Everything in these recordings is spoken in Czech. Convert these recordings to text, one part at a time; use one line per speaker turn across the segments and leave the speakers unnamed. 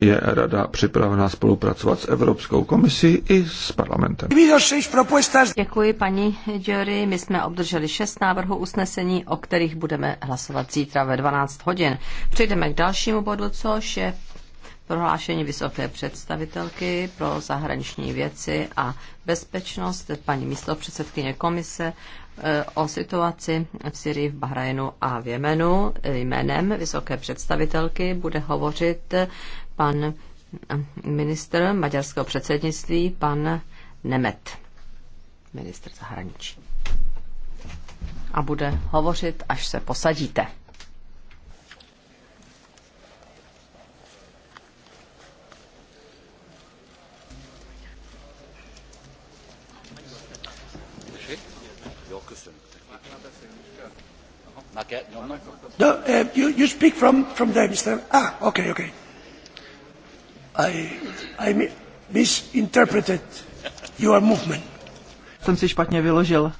je Rada připravena spolupracovat s Evropskou komisí i s parlamentem.
Děkuji paní Jory. My jsme obdrželi šest návrhů usnesení, o kterých budeme hlasovat zítra ve 12 hodin. Přejdeme k dalšímu bodu, což je prohlášení vysoké představitelky pro zahraniční věci a bezpečnost, paní místopředsedkyně komise, e, o situaci v Syrii, v Bahrajnu a v Jemenu. Jménem vysoké představitelky bude hovořit pan eh, ministr maďarského předsednictví, pan Nemet, ministr zahraničí. A bude hovořit, až se
posadíte.
No, uh, you, you speak from, from there, Mr. Ah, okay, okay.
Jsem si špatně vyložil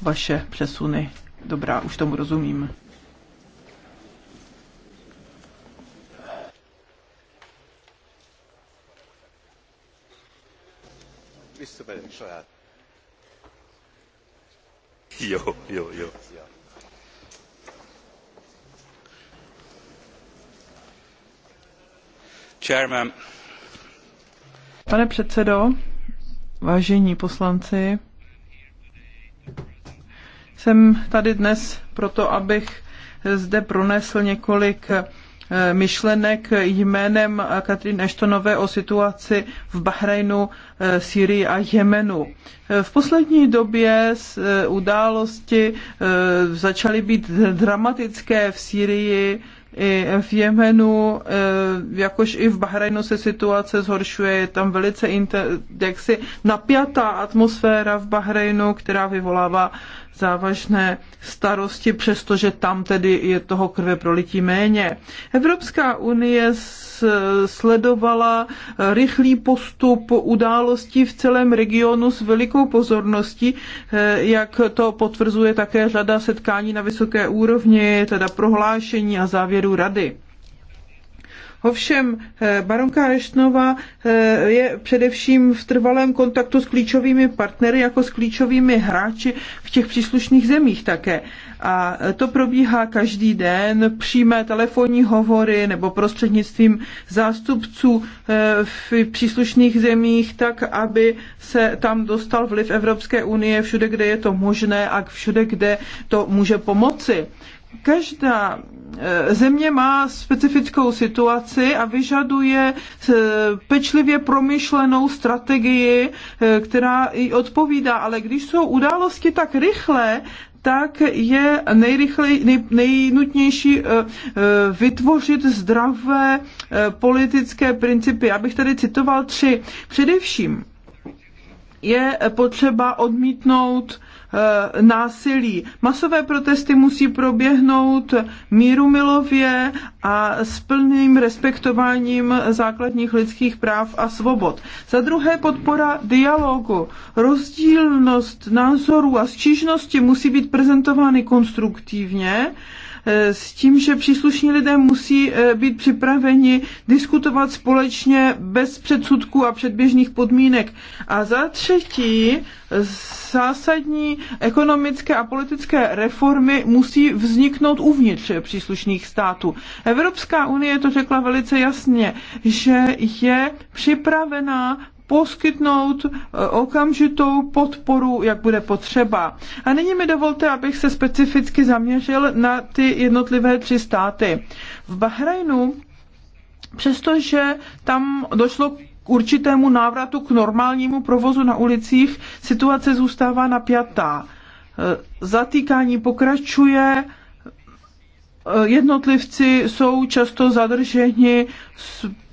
vaše přesuny. Dobrá, už tomu rozumím.
Jo, jo, Jo, Chairman,
Pane předsedo, vážení poslanci, jsem tady dnes proto, abych zde pronesl několik eh, myšlenek jménem Katrin Eštonové o situaci v Bahrajnu, eh, Sýrii a Jemenu. Eh, v poslední době události začaly být dramatické v Sýrii, i v Jemenu, e, jakož i v Bahrajnu se situace zhoršuje, je tam velice inter, jaksi napjatá atmosféra v Bahrajnu, která vyvolává závažné starosti, přestože tam tedy je toho krve prolití méně. Evropská unie sledovala rychlý postup událostí v celém regionu s velikou pozorností, e, jak to potvrzuje také řada setkání na vysoké úrovni, teda prohlášení a závěry závěru rady. Ovšem eh, baronka Eštnova eh, je především v trvalém kontaktu s klíčovými partnery, jako s klíčovými hráči v těch příslušných zemích také. A to probíhá každý den, přímé telefonní hovory nebo prostřednictvím zástupců eh, v příslušných zemích, tak aby se tam dostal vliv Evropské unie všude, kde je to možné a všude, kde to může pomoci každá Eh, země má specifickou situaci a vyžaduje eh, pečlivě promyšlenou strategii, eh, která i odpovídá, ale když jsou události tak rychlé, tak je nejrychlej, nej, nejnutnější vytvořit zdravé politické principy. Abych tady citoval tři. Především je potřeba odmítnout Eh, násilí. Masové protesty musí proběhnout míru milově a s plným respektováním základních lidských práv a svobod. Za druhé podpora dialogu. Rozdílnost názorů a stížnosti musí být prezentovány konstruktivně E, s tím, že příslušní lidé musí e, být připraveni diskutovat společně bez předsudků a předběžných podmínek. A za třetí, zásadní ekonomické a politické reformy musí vzniknout uvnitř příslušných států. Evropská unie to řekla velice jasně, že je připravená poskytnout eh, okamžitou podporu, jak bude potřeba. A nyní mi dovolte, abych se specificky zaměřil na ty jednotlivé tři státy. V Bahrajnu, přestože tam došlo k určitému návratu k normálnímu provozu na ulicích, situace zůstává napjatá. Eh, zatýkání pokračuje, eh, jednotlivci jsou často zadrženi,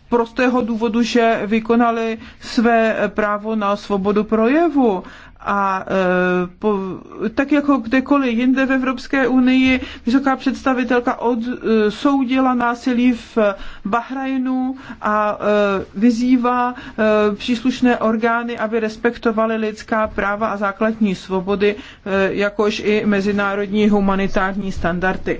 prostého důvodu, že vykonali své právo na svobodu projevu. A e, po, tak jako kdekoliv jinde v Evropské unii, vysoká představitelka odsoudila e, násilí v Bahrajnu a e, vyzývá e, příslušné orgány, aby respektovaly lidská práva a základní svobody, e, jakož i mezinárodní humanitární standardy.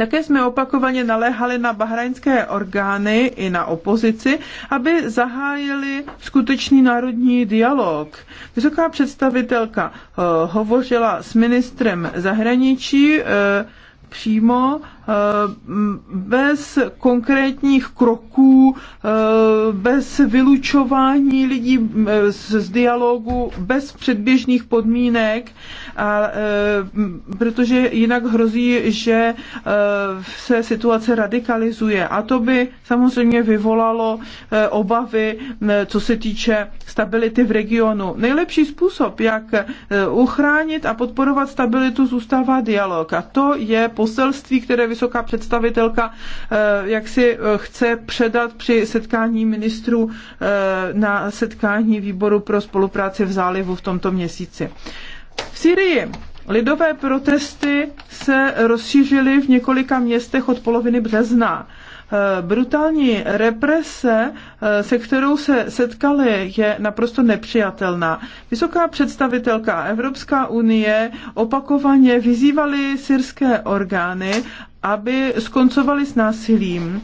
Také jsme opakovaně naléhali na bahrajnské orgány i na opozici, aby zahájili skutečný národní dialog. Vysoká představitelka eh, hovořila s ministrem zahraničí eh, přímo Eh, bez konkrétních kroků, eh, bez vylučování lidí eh, z dialogu, bez předběžných podmínek, protože jinak hrozí, že se situace radikalizuje. A to by samozřejmě vyvolalo obavy, co se týče stability v regionu. Nejlepší způsob, jak uchránit a podporovat stabilitu, zůstává dialog. A to je poselství, které vysoká představitelka eh, jak si eh, chce předat při setkání ministrů eh, na setkání výboru pro spolupráci v zálivu v tomto měsíci. V Syrii lidové protesty se rozšířily v několika městech od poloviny března brutální represe, se kterou se setkali, je naprosto nepřijatelná. Vysoká představitelka Evropská unie opakovaně vyzývali syrské orgány, aby skoncovali s násilím,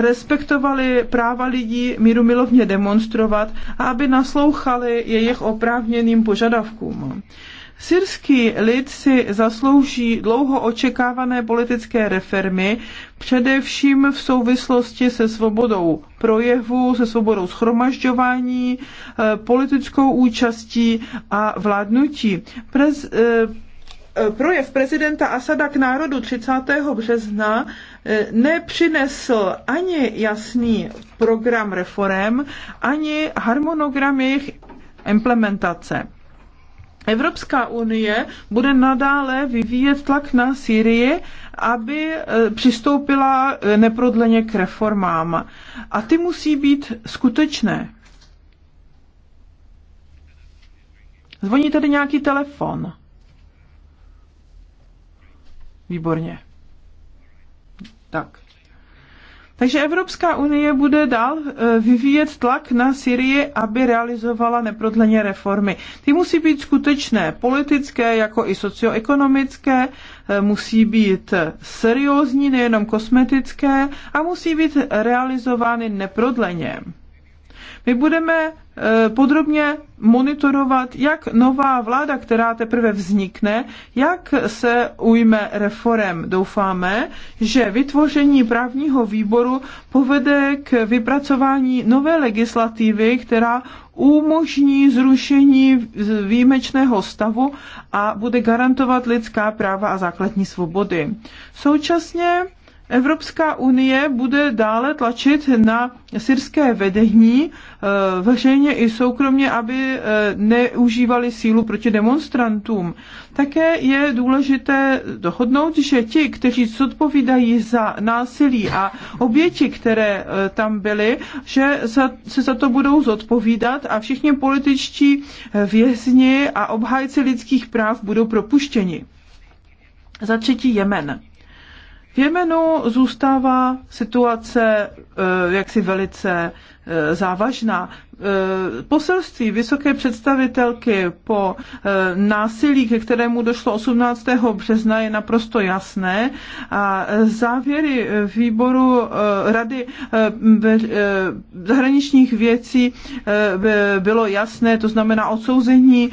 respektovali práva lidí míru milovně demonstrovat a aby naslouchali jejich oprávněným požadavkům. Syrský lid si zaslouží dlouho očekávané politické reformy, především v souvislosti se svobodou projevu, se svobodou schromažďování, eh, politickou účastí a vládnutí. Prez, eh, projev prezidenta Asada k národu 30. března e, nepřinesl ani jasný program reform, ani harmonogram jejich implementace. Evropská unie bude nadále vyvíjet tlak na Syrii, aby e, přistoupila e, neprodleně k reformám. A ty musí být skutečné. Zvoní tady nějaký telefon. Výborně. Tak. Takže Evropská unie bude dál eh, vyvíjet tlak na Syrii, aby realizovala neprodleně reformy. Ty musí být skutečné, politické, jako i socioekonomické, eh, musí být seriózní, nejenom kosmetické a musí být realizovány neprodleně. My budeme eh, podrobně monitorovat, jak nová vláda, která teprve vznikne, jak se ujme reform. Doufáme, že vytvoření právního výboru povede k vypracování nové legislativy, která umožní zrušení výjimečného stavu a bude garantovat lidská práva a základní svobody. Současně Evropská unie bude dále tlačit na syrské vedení eh, veřejně i soukromně, aby eh, neužívali sílu proti demonstrantům. Také je důležité dohodnout, že ti, kteří zodpovídají za násilí a oběti, které eh, tam byly, že se za to budou zodpovídat a všichni političtí vězni a obhájci lidských práv budou propuštěni. Za třetí Jemen. V Jemenu zůstává situace eh, jaksi velice eh, závažná. Eh, poselství vysoké představitelky po eh, násilí, ke kterému došlo 18. března, je naprosto jasné a eh, závěry výboru Rady zahraničních věcí bylo jasné, to znamená odsouzení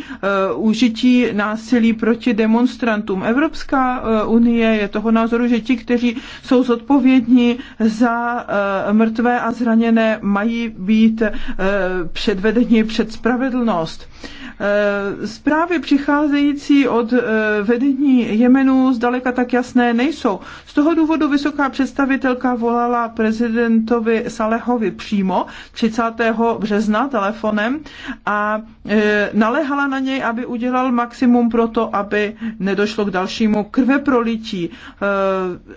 užití násilí proti demonstrantům. Evropská unie je toho názoru, že ti, kteří jsou zodpovědní za mrtvé a zraněné, mají být předvedení, před spravedlnost. Eh, zprávy přicházející od eh, vedení Jemenu zdaleka tak jasné nejsou. Z toho důvodu vysoká představitelka volala prezidentovi Salehovi přímo 30. března telefonem a eh, naléhala na něj, aby udělal maximum pro to, aby nedošlo k dalšímu krveprolití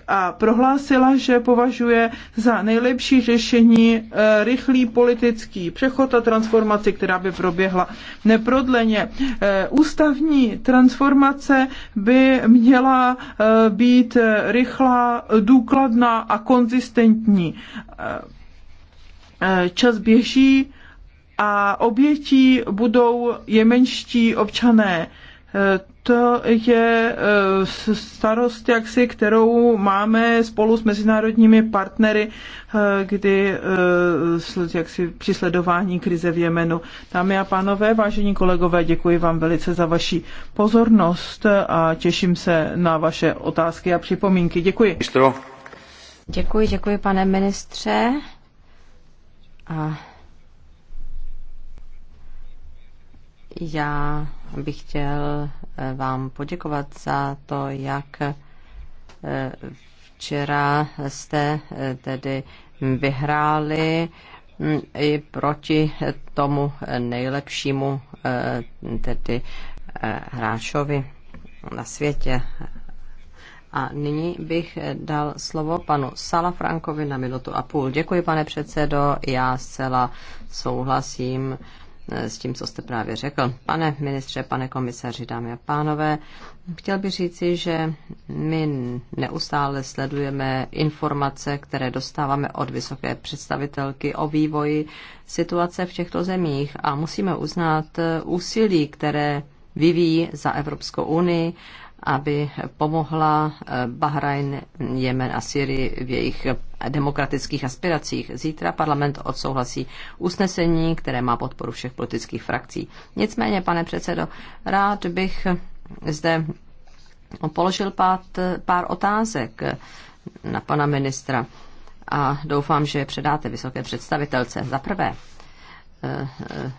a prohlásila, že považuje za nejlepší řešení rychlý politický přechod a transformaci, která by proběhla neprodleně neprodleně. Eh, ústavní transformace by měla eh, být eh, rychlá, důkladná a konzistentní. Čas běží a obětí budou jemenští občané to je eh, starost jaksi, kterou máme spolu s mezinárodními partnery, eh, kdy eh, jaksi při sledování krize v Jemenu. Dámy a pánové, vážení kolegové, děkuji vám velice za vaši pozornost a těším se na vaše otázky a připomínky. Děkuji.
Děkuji, děkuji pane ministře. A já bych chtěl vám poděkovat za to, jak eh, včera jste eh, tedy vyhráli hm, i proti tomu nejlepšímu eh, tedy hráčovi na světě. A nyní bych dal slovo panu Sala Frankovi na minutu a půl. Děkuji, pane předsedo. Já zcela souhlasím Eh, s tím, co jste právě řekl. Pane ministře, pane komisaři, dámy a pánové, chtěl bych říci, že my neustále sledujeme informace, které dostáváme od vysoké představitelky o vývoji situace v těchto zemích a musíme uznat eh, úsilí, které vyvíjí za Evropskou unii aby pomohla eh, Bahrajn, Jemen a Syrii v jejich demokratických aspiracích. Zítra parlament odsouhlasí usnesení, které má podporu všech politických frakcí. Nicméně, pane předsedo, rád bych zde položil pát, pár otázek na pana ministra a doufám, že je předáte vysoké představitelce. Za prvé, eh, eh,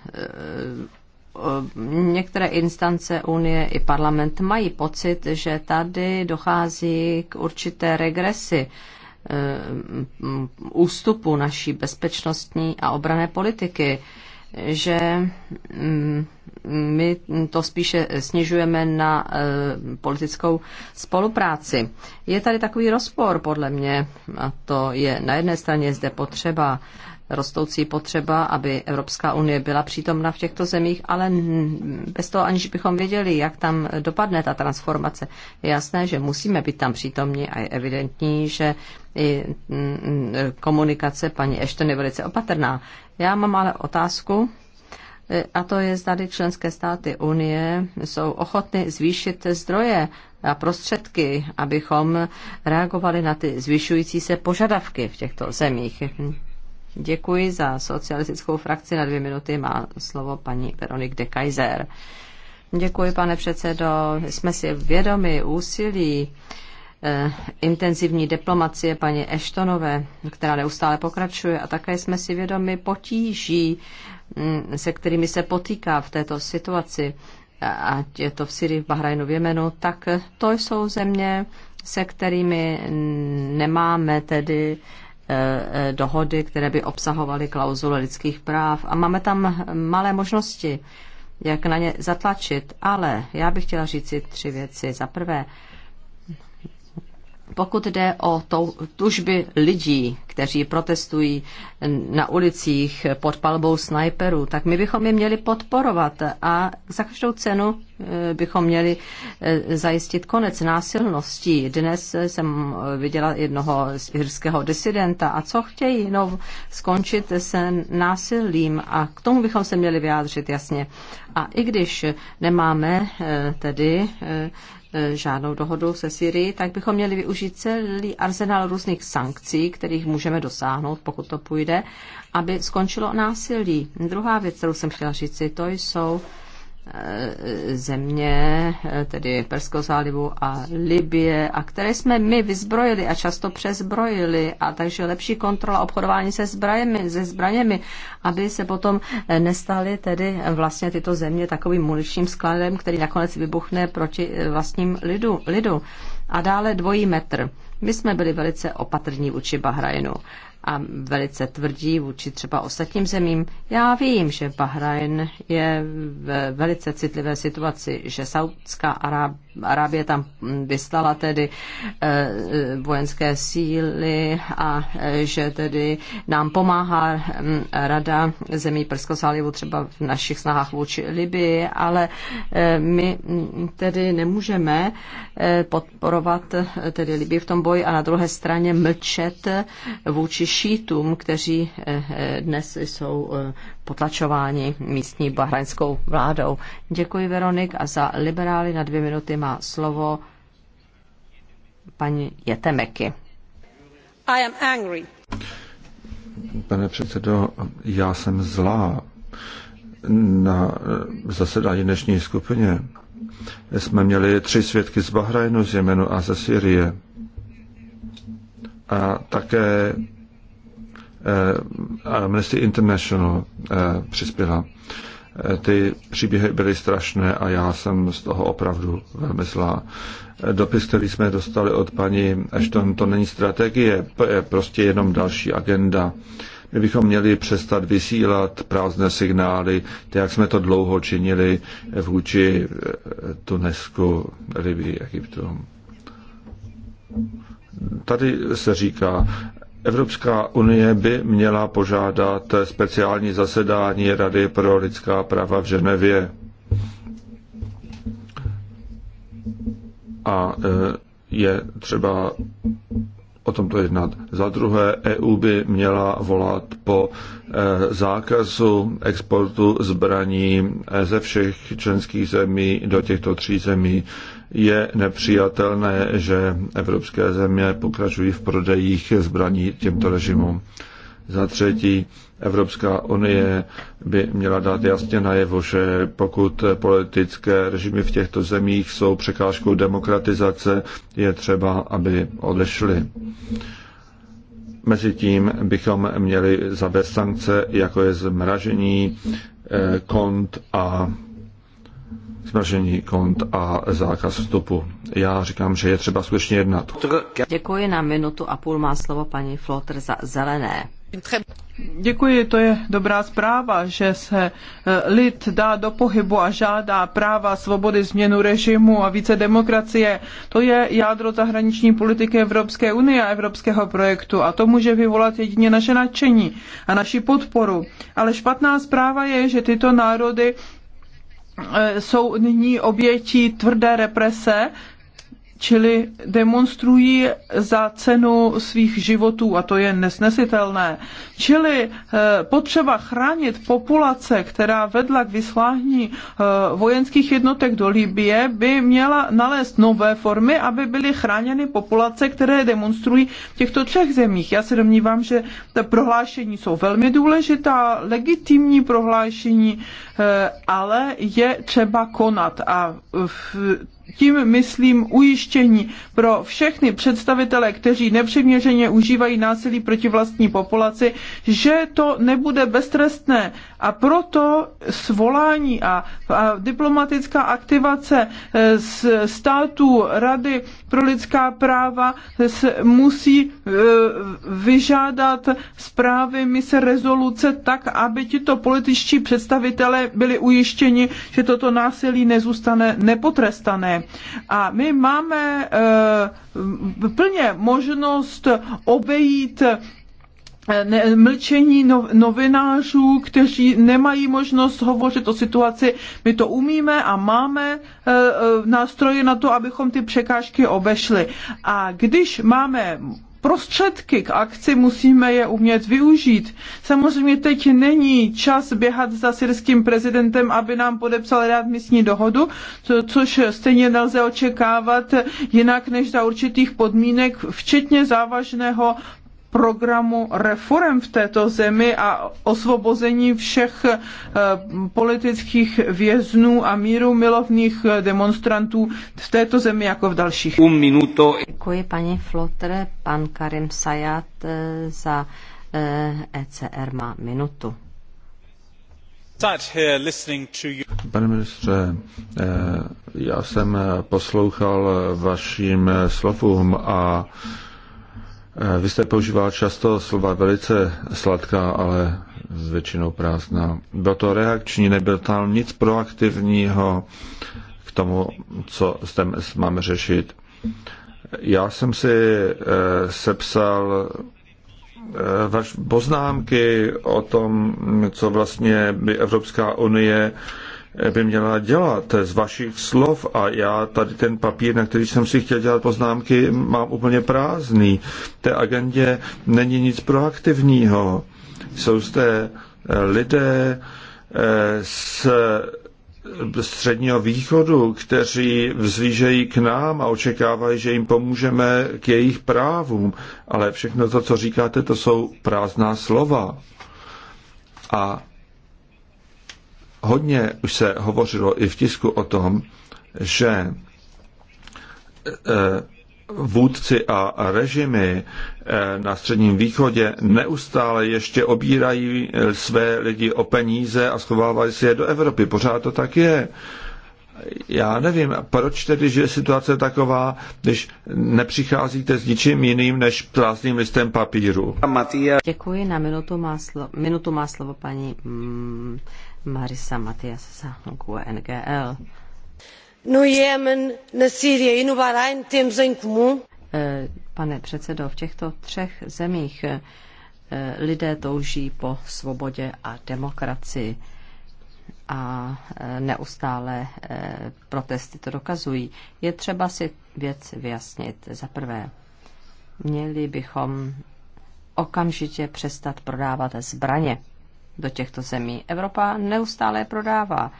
Eh, některé instance Unie i parlament mají pocit, že tady dochází k určité regresi eh, ústupu naší bezpečnostní a obrané politiky, že mm, my to spíše snižujeme na eh, politickou spolupráci. Je tady takový rozpor, podle mě, a to je na jedné straně zde potřeba rostoucí potřeba, aby Evropská unie byla přítomna v těchto zemích, ale bez toho aniž bychom věděli, jak tam dopadne ta transformace. Je jasné, že musíme být tam přítomni a je evidentní, že i mm, komunikace paní ještě je velice opatrná. Já mám ale otázku, e, a to je, zdali členské státy Unie jsou ochotny zvýšit zdroje a prostředky, abychom reagovali na ty zvyšující se požadavky v těchto zemích. Děkuji za socialistickou frakci. Na dvě minuty má slovo paní Veronik de Kaiser. Děkuji, pane předsedo. Jsme si vědomi úsilí eh, intenzivní diplomacie paní Eštonové, která neustále pokračuje a také jsme si vědomi potíží, mm, se kterými se potýká v této situaci, ať je to v Syrii, v Bahrajnu, v Jemenu, tak to jsou země, se kterými nemáme tedy Eh, eh, dohody, které by obsahovaly klauzule lidských práv. A máme tam malé možnosti, jak na ně zatlačit. Ale já bych chtěla si tři věci. Za prvé, pokud jde o tužby lidí, kteří protestují na ulicích pod palbou snajperů, tak my bychom je měli podporovat a za každou cenu eh, bychom měli eh, zajistit konec násilností. Dnes jsem viděla jednoho jirského disidenta a co chtějí? No, skončit se násilím a k tomu bychom se měli vyjádřit jasně. A i když nemáme eh, tedy E, žádnou dohodu se Syrií, tak bychom měli využít celý arzenál různých sankcí, kterých můžeme dosáhnout, pokud to půjde, aby skončilo násilí. Druhá věc, kterou jsem chtěla říci, to jsou země, tedy Perského zálivu a Libie, a které jsme my vyzbrojili a často přezbrojili, a takže lepší kontrola obchodování se zbraněmi, se zbraněmi, aby se potom nestaly tedy vlastně tyto země takovým muničním skladem, který nakonec vybuchne proti vlastním lidu. lidu. A dále dvojí metr. My jsme byli velice opatrní vůči Bahrajnu a velice tvrdí vůči třeba ostatním zemím. Já vím, že Bahrajn je v velice citlivé situaci, že Saudská Arábie tam vyslala tedy eh, vojenské síly a eh, že tedy nám pomáhá hm, Rada zemí Perského zálivu třeba v našich snahách vůči Libii, ale eh, my hm, tedy nemůžeme podporovat tedy Libii v tom boji a na druhé straně mlčet vůči šítům, kteří eh, eh, dnes jsou eh, potlačováni místní bahrajnskou vládou. Děkuji Veronik a za liberály na dvě minuty má slovo paní Jetemeky.
I am angry.
Pane předsedo, já jsem zlá na zasedání dnešní skupině jsme měli tři svědky z Bahrajnu, z Jemenu a ze Syrie. A také Eh, Amnesty International eh, přispěla. Eh, ty příběhy byly strašné a já jsem z toho opravdu velmi zlá. Dopis, který jsme dostali od paní Ashton, to není strategie, je prostě jenom další agenda. My bychom měli přestat vysílat prázdné signály, tak jak jsme to dlouho činili vůči Tunesku, Libii, Egyptu. Tady se říká, Evropská unie by měla požádat speciální zasedání Rady pro lidská práva v Ženevě. A e, je třeba o tomto jednat. Za druhé, EU by měla volat po e, zákazu exportu zbraní e, ze všech členských zemí do těchto tří zemí je nepřijatelné, že evropské země pokračují v prodejích zbraní těmto režimům. Za třetí, Evropská unie by měla dát jasně najevo, že pokud politické režimy v těchto zemích jsou překážkou demokratizace, je třeba, aby odešly. Mezitím bychom měli zavést sankce, jako je zmražení eh, kont a Zmražení kont a zákaz vstupu. Já říkám, že je třeba skutečně jednat.
Děkuji na minutu a půl má slovo paní Flotr za zelené.
Děkuji, to je dobrá zpráva, že se e, lid dá do pohybu a žádá práva, svobody, změnu režimu a více demokracie. To je jádro zahraniční politiky Evropské unie a evropského projektu a to může vyvolat jedině naše nadšení a naši podporu. Ale špatná zpráva je, že tyto národy Eh, jsou nyní obětí tvrdé represe čili demonstrují za cenu svých životů a to je nesnesitelné. Čili eh, potřeba chránit populace, která vedla k vyslání eh, vojenských jednotek do Libie, by měla nalézt nové formy, aby byly chráněny populace, které demonstrují v těchto třech zemích. Já se domnívám, že ta prohlášení jsou velmi důležitá, legitimní prohlášení, eh, ale je třeba konat a v tím myslím ujištění pro všechny představitele, kteří nepřiměřeně užívají násilí proti vlastní populaci, že to nebude beztrestné, a proto svolání a, a diplomatická aktivace e, z států Rady pro lidská práva se musí e, vyžádat zprávy mise rezoluce tak, aby tito političtí představitelé byli ujištěni, že toto násilí nezůstane nepotrestané. A my máme e, plně možnost obejít Eh, ne, mlčení no, novinářů, kteří nemají možnost hovořit o situaci. My to umíme a máme e, nástroje na to, abychom ty překážky obešli. A když máme prostředky k akci musíme je umět využít. Samozřejmě teď není čas běhat za syrským prezidentem, aby nám podepsal místní dohodu, co, což stejně nelze očekávat jinak než za určitých podmínek, včetně závažného programu reform v této zemi a osvobození všech eh, politických věznů a míru milovných eh, demonstrantů v této zemi jako v dalších. Un minuto.
Děkuji paní Flotter, pan Karim Sayat eh, za ECR e má minutu.
Pane ministře, já jsem poslouchal vaším slovům a Eh, vy jste používal často slova velice sladká, ale většinou prázdná. Bylo to reakční, nebyl tam nic proaktivního k tomu, co zde máme řešit. Já jsem si eh, sepsal eh, poznámky o tom, co vlastně by Evropská unie by měla dělat z vašich slov a já tady ten papír, na který jsem si chtěl dělat poznámky, mám úplně prázdný. V té agendě není nic proaktivního. Jsou zde eh, lidé eh, z eh, středního východu, kteří vzlížejí k nám a očekávají, že jim pomůžeme k jejich právům. Ale všechno to, co říkáte, to jsou prázdná slova. A Hodně už se hovořilo i v tisku o tom, že e, e, vůdci a režimy e, na Středním východě neustále ještě obírají své lidi o peníze a schovávají si je do Evropy. Pořád to tak je. Já nevím, proč tedy, že je situace taková, když nepřicházíte s ničím jiným než prázdným listem papíru.
Děkuji, na minutu má slovo, minutu má slovo paní mm, Marisa Matias No Jemen, na Sýrii i no Bahrajn temos em comum. Eh, pane předsedo, v těchto třech zemích eh, lidé touží po svobodě a demokracii a eh, neustále protesty to dokazují. Je třeba si věc vyjasnit. Za prvé, měli bychom okamžitě přestat prodávat zbraně do těchto zemí. Evropa neustále prodává.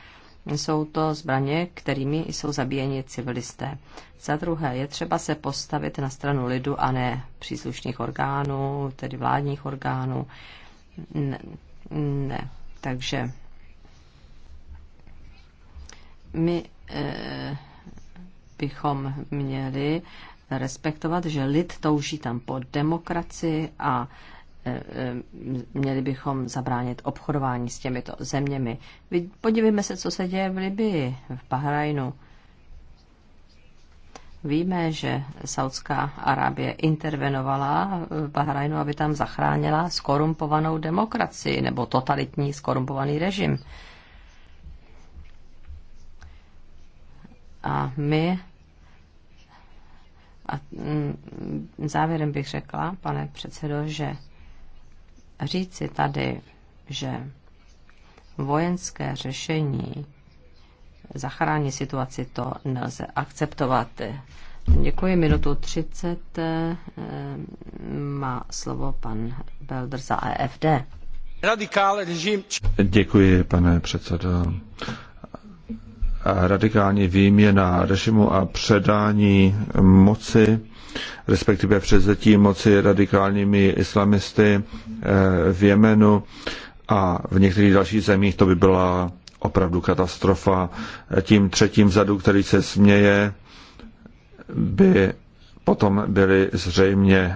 Jsou to zbraně, kterými jsou zabíjeni civilisté. Za druhé, je třeba se postavit na stranu lidu a ne příslušných orgánů, tedy vládních orgánů. Ne. ne. Takže my e, bychom měli respektovat, že lid touží tam po demokracii a e, Eh, eh, měli bychom zabránit obchodování s těmito zeměmi. Podívejme se, co se děje v Libii, v Bahrajnu. Víme, že Saudská Arábie intervenovala v Bahrajnu, aby tam zachránila skorumpovanou demokracii nebo totalitní skorumpovaný režim. A my a mm, závěrem bych řekla, pane předsedo, že říci tady, že vojenské řešení zachrání situaci, to nelze akceptovat. Děkuji. Minutu 30 eh, má slovo pan Belder za AFD. E
Radikál režim. Děkuji, pane předsedo. Radikální výměna režimu a předání moci respektive převzetí moci radikálními islamisty eh, v Jemenu a v některých dalších zemích to by byla opravdu katastrofa. Tím třetím vzadu, který se směje, by potom byly zřejmě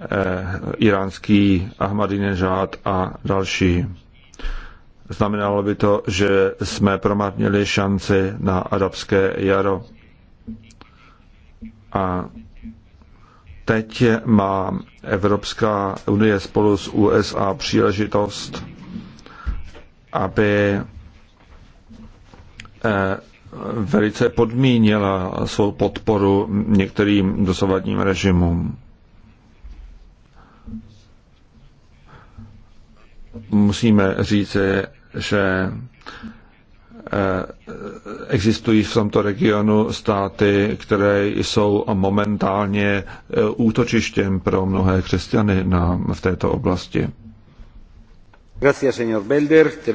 eh, iránský Ahmadinejad a další. Znamenalo by to, že jsme promarnili šanci na arabské jaro. A teď má Evropská unie spolu s USA příležitost, aby eh, velice podmínila svou podporu některým dosavadním režimům. Musíme říci, že Eh, existují v tomto regionu státy, které jsou momentálně eh, útočištěm pro mnohé křesťany na, v této oblasti.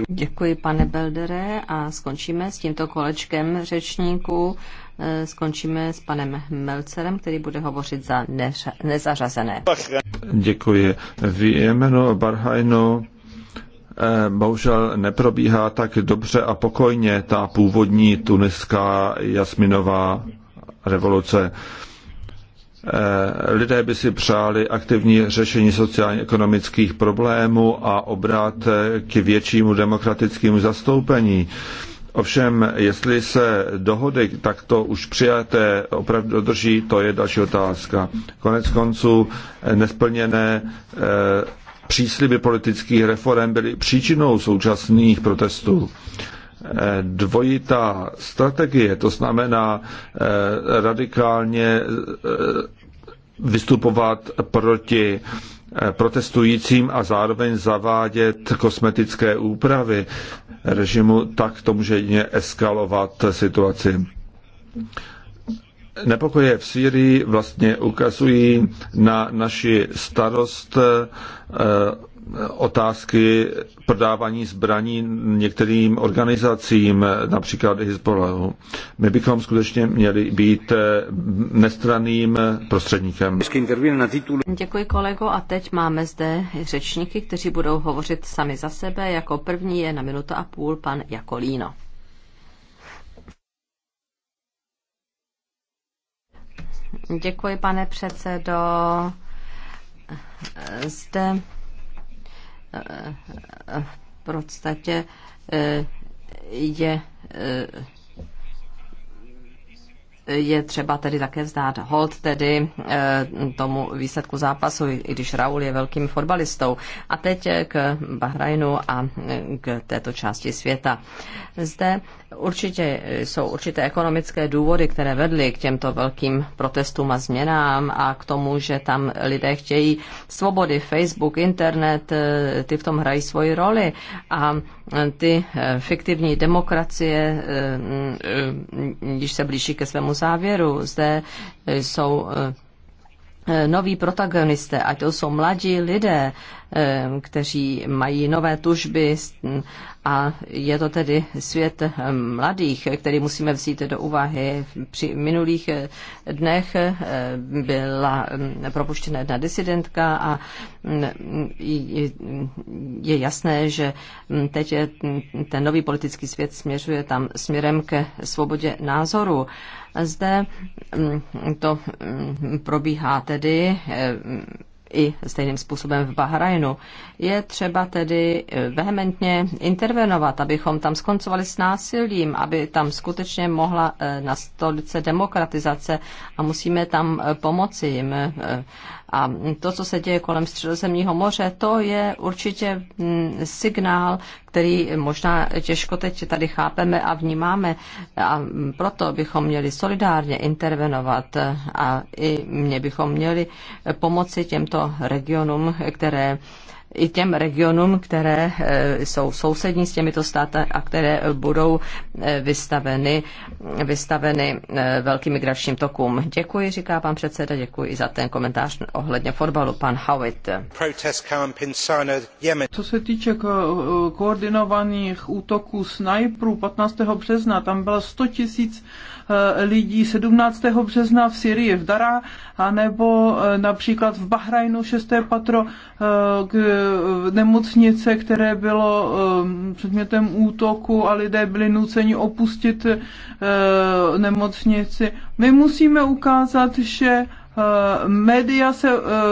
Děkuji,
pane Beldere, a skončíme s tímto kolečkem řečníků. Eh, skončíme s panem Melcerem, který bude hovořit za nezařazené.
Děkuji. V jménu Barhajnu bohužel neprobíhá tak dobře a pokojně ta původní tuniská jasminová revoluce. Eh, lidé by si přáli aktivní řešení sociálně-ekonomických problémů a obrat eh, k většímu demokratickému zastoupení. Ovšem, jestli se dohody takto už přijaté opravdu dodrží, to je další otázka. Konec konců eh, nesplněné přísliby politických reform byly příčinou současných protestů. Eh, dvojitá strategie, to znamená eh, radikálně eh, vystupovat proti protestujícím a zároveň zavádět kosmetické úpravy režimu, tak to může jedině eskalovat situaci. Nepokoje v Syrii vlastně ukazují na naši starost eh, otázky prodávání zbraní některým organizacím, například Hezbollahu. My bychom skutečně měli být eh, nestraným prostředníkem.
Děkuji kolego a teď máme zde řečníky, kteří budou hovořit sami za sebe. Jako první je na minutu a půl pan Jakolíno. Děkuji, pane předsedo. Zde eh, eh, v podstatě eh, je je třeba tedy také vzdát hold tedy eh, tomu výsledku zápasu, i když Raul je velkým fotbalistou. A teď eh, k Bahrajnu a eh, k této části světa. Zde určitě jsou určité ekonomické důvody, které vedly k těmto velkým protestům a změnám a k tomu, že tam lidé chtějí svobody, Facebook, internet, ty v tom hrají svoji roli a ty fiktivní demokracie, mm, když se blíží ke svému závěru. Zde jsou eh, eh, noví protagonisté, ať to jsou mladí lidé, eh, kteří mají nové tužby a je to tedy svět mladých, který musíme vzít do úvahy. Při minulých dnech byla mm, propuštěna jedna disidentka a mm, je jasné, že mm, teď je ten nový politický svět směřuje tam směrem ke svobodě názoru zde mm, to mm, probíhá tedy eh, i stejným způsobem v Bahrajnu. Je třeba tedy eh, vehementně intervenovat, abychom tam skoncovali s násilím, aby tam skutečně mohla eh, nastolit se demokratizace a musíme tam eh, pomoci jim. A to, co se děje kolem Středozemního moře, to je určitě mm, signál, který možná těžko teď tady chápeme a vnímáme. A proto bychom měli solidárně intervenovat a i mě bychom měli pomoci těmto regionům, které i těm regionům, které eh, jsou sousední s těmito státy a které budou eh, vystaveny, vystaveny eh, velkým migračním tokům. Děkuji, říká pan předseda, děkuji i za ten komentář ohledně fotbalu, pan Howitt.
Co se týče ko- koordinovaných útoků snajprů 15. března, tam bylo 100 tisíc 000 Eh, lidí 17. března v Syrii v Dara, anebo eh, například v Bahrajnu 6. patro eh, k nemocnice, které bylo předmětem útoku a lidé byli nuceni opustit nemocnici. My musíme ukázat, že média se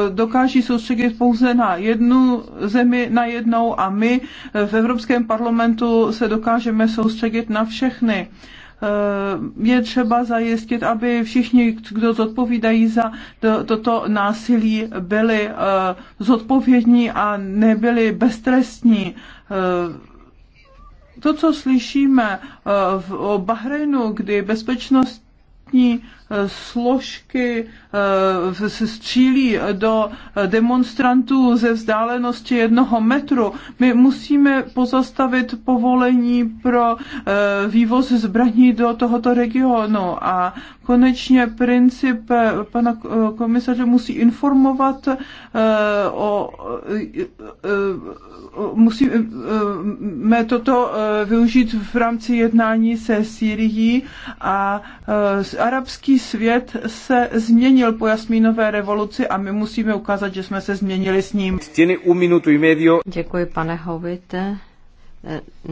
dokáží soustředit pouze na jednu zemi na jednou a my v Evropském parlamentu se dokážeme soustředit na všechny. Eh, je třeba zajistit, aby všichni, kdo zodpovídají za toto násilí, byli eh, zodpovědní a nebyli beztrestní eh, to, co slyšíme o Bahrajnu, kdy bezpečnostní Eh, složky eh, se střílí do demonstrantů ze vzdálenosti jednoho metru. My musíme pozastavit povolení pro eh, vývoz zbraní do tohoto regionu a konečně princip pana komisaře musí informovat o, musíme toto využít v rámci jednání se Syrií a arabský svět se změnil po jasmínové revoluci a my musíme ukázat, že jsme se změnili s ním. u minutu i medio. Děkuji, pane
Hovite.